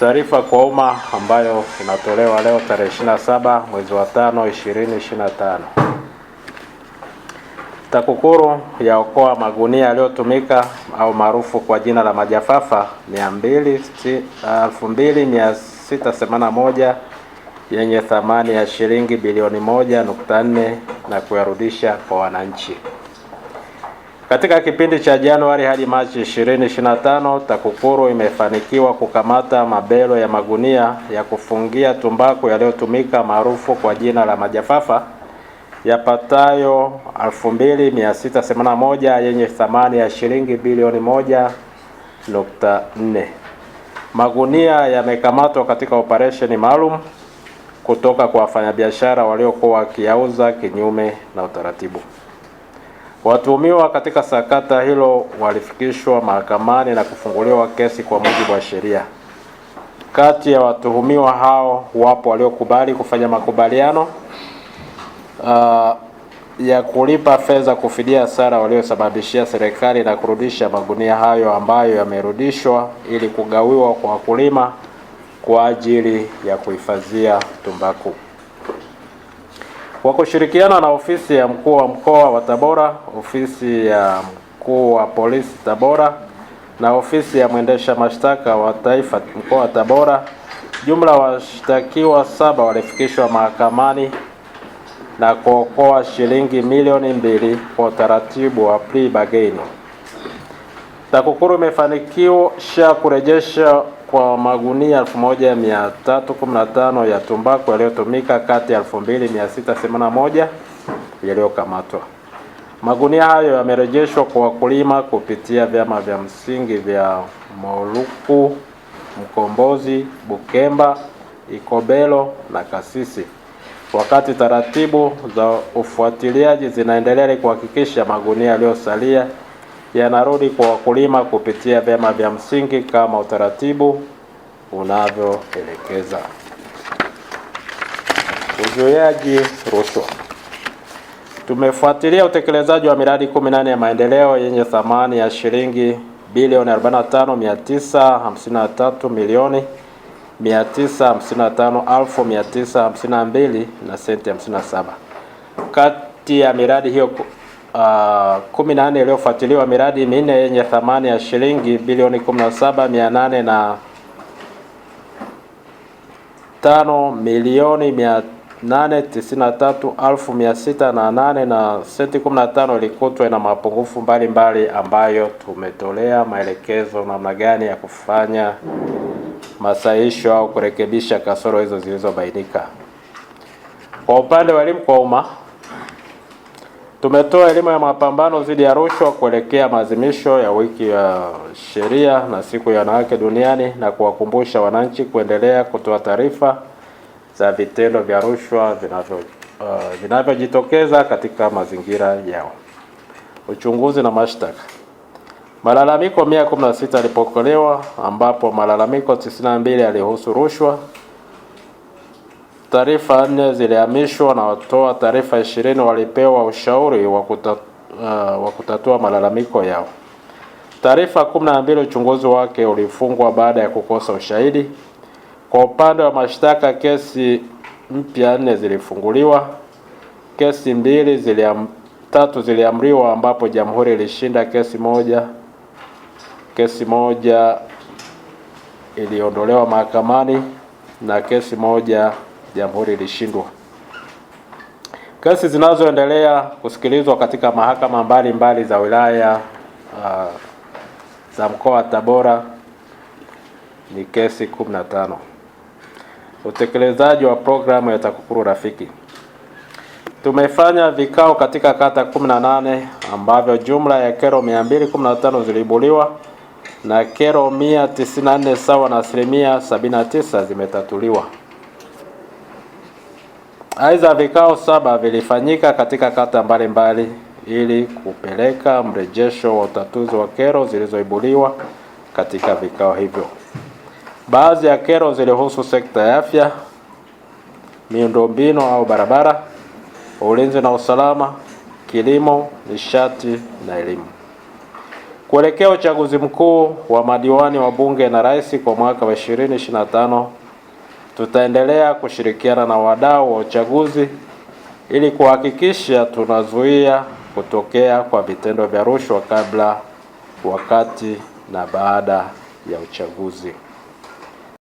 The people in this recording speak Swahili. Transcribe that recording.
Taarifa kwa umma ambayo inatolewa leo tarehe 27 mwezi wa 5 2025. TAKUKURU yaokoa magunia yaliyotumika au maarufu kwa jina la majafafa 2681 yenye thamani ya shilingi bilioni 1.4 na kuyarudisha kwa wananchi. Katika kipindi cha Januari hadi Machi 2025, TAKUKURU imefanikiwa kukamata mabelo ya magunia ya kufungia tumbaku yaliyotumika maarufu kwa jina la majafafa yapatayo 2681 yenye thamani ya shilingi bilioni 1.4. Magunia yamekamatwa katika operesheni maalum kutoka kwa wafanyabiashara waliokuwa wakiyauza kinyume na utaratibu. Watuhumiwa katika sakata hilo walifikishwa mahakamani na kufunguliwa kesi kwa mujibu wa sheria. Kati ya watuhumiwa hao wapo waliokubali kufanya makubaliano uh, ya kulipa fedha kufidia hasara waliosababishia serikali na kurudisha magunia hayo ambayo yamerudishwa ili kugawiwa kwa wakulima kwa ajili ya kuhifadhia tumbaku. Kwa kushirikiana na ofisi ya mkuu wa mkoa wa Tabora, ofisi ya mkuu wa polisi Tabora na ofisi ya mwendesha mashtaka wa taifa mkoa wa Tabora, jumla washtakiwa saba walifikishwa mahakamani na kuokoa shilingi milioni mbili kwa utaratibu wa plea bargain. TAKUKURU imefanikiwa kurejesha kwa magunia 1315 ya tumbaku yaliyotumika kati ya 2681 yaliyokamatwa. Magunia hayo yamerejeshwa kwa wakulima kupitia vyama vya msingi vya Moluku, Mkombozi, Bukemba, Ikobelo na Kasisi, wakati taratibu za ufuatiliaji zinaendelea kuhakikisha magunia yaliyosalia yanarudi kwa wakulima kupitia vyama vya msingi kama utaratibu unavyoelekeza. Uzuiaji rushwa. Tumefuatilia utekelezaji wa miradi 18 ya maendeleo yenye thamani ya shilingi bilioni 45,953 milioni 955,952 na senti 57. Kati ya miradi hiyo Uh, kumi na nne iliyofuatiliwa miradi minne yenye thamani ya shilingi bilioni 17,800 na tano milioni mia nane tisini na tatu elfu mia sita na nane na senti 15 ilikutwa na mapungufu mbalimbali mbali, ambayo tumetolea maelekezo namna gani ya kufanya masaisho au kurekebisha kasoro hizo zilizobainika. Kwa upande wa elimu kwa umma Tumetoa elimu ya mapambano dhidi ya rushwa kuelekea maadhimisho ya wiki ya sheria na siku ya wanawake duniani na kuwakumbusha wananchi kuendelea kutoa taarifa za vitendo vya rushwa vinavyo uh, vinavyojitokeza katika mazingira yao. Uchunguzi na mashtaka. Malalamiko 116 yalipokelewa ambapo malalamiko 92 yalihusu rushwa. Taarifa nne zilihamishwa na watoa taarifa ishirini walipewa ushauri wa kutatua, uh, kutatua malalamiko yao. Taarifa kumi na mbili uchunguzi wake ulifungwa baada ya kukosa ushahidi. Kwa upande wa mashtaka, kesi mpya nne zilifunguliwa, kesi mbili ziliam, tatu ziliamriwa ambapo jamhuri ilishinda kesi moja, kesi moja iliondolewa mahakamani na kesi moja jamhuri ilishindwa. Kesi zinazoendelea kusikilizwa katika mahakama mbalimbali mbali za wilaya uh, za mkoa wa Tabora ni kesi 15. Utekelezaji wa programu ya TAKUKURU Rafiki, tumefanya vikao katika kata 18 ambavyo jumla ya kero 215 ziliibuliwa na kero 194 sawa na asilimia 79 zimetatuliwa. Aidha, vikao saba vilifanyika katika kata mbalimbali ili kupeleka mrejesho wa utatuzi wa kero zilizoibuliwa katika vikao hivyo. Baadhi ya kero zilihusu sekta ya afya, miundombinu au barabara, ulinzi na usalama, kilimo, nishati na elimu. Kuelekea uchaguzi mkuu wa madiwani wa bunge na rais kwa mwaka wa 2025 Tutaendelea kushirikiana na wadau wa uchaguzi ili kuhakikisha tunazuia kutokea kwa vitendo vya rushwa kabla, wakati na baada ya uchaguzi.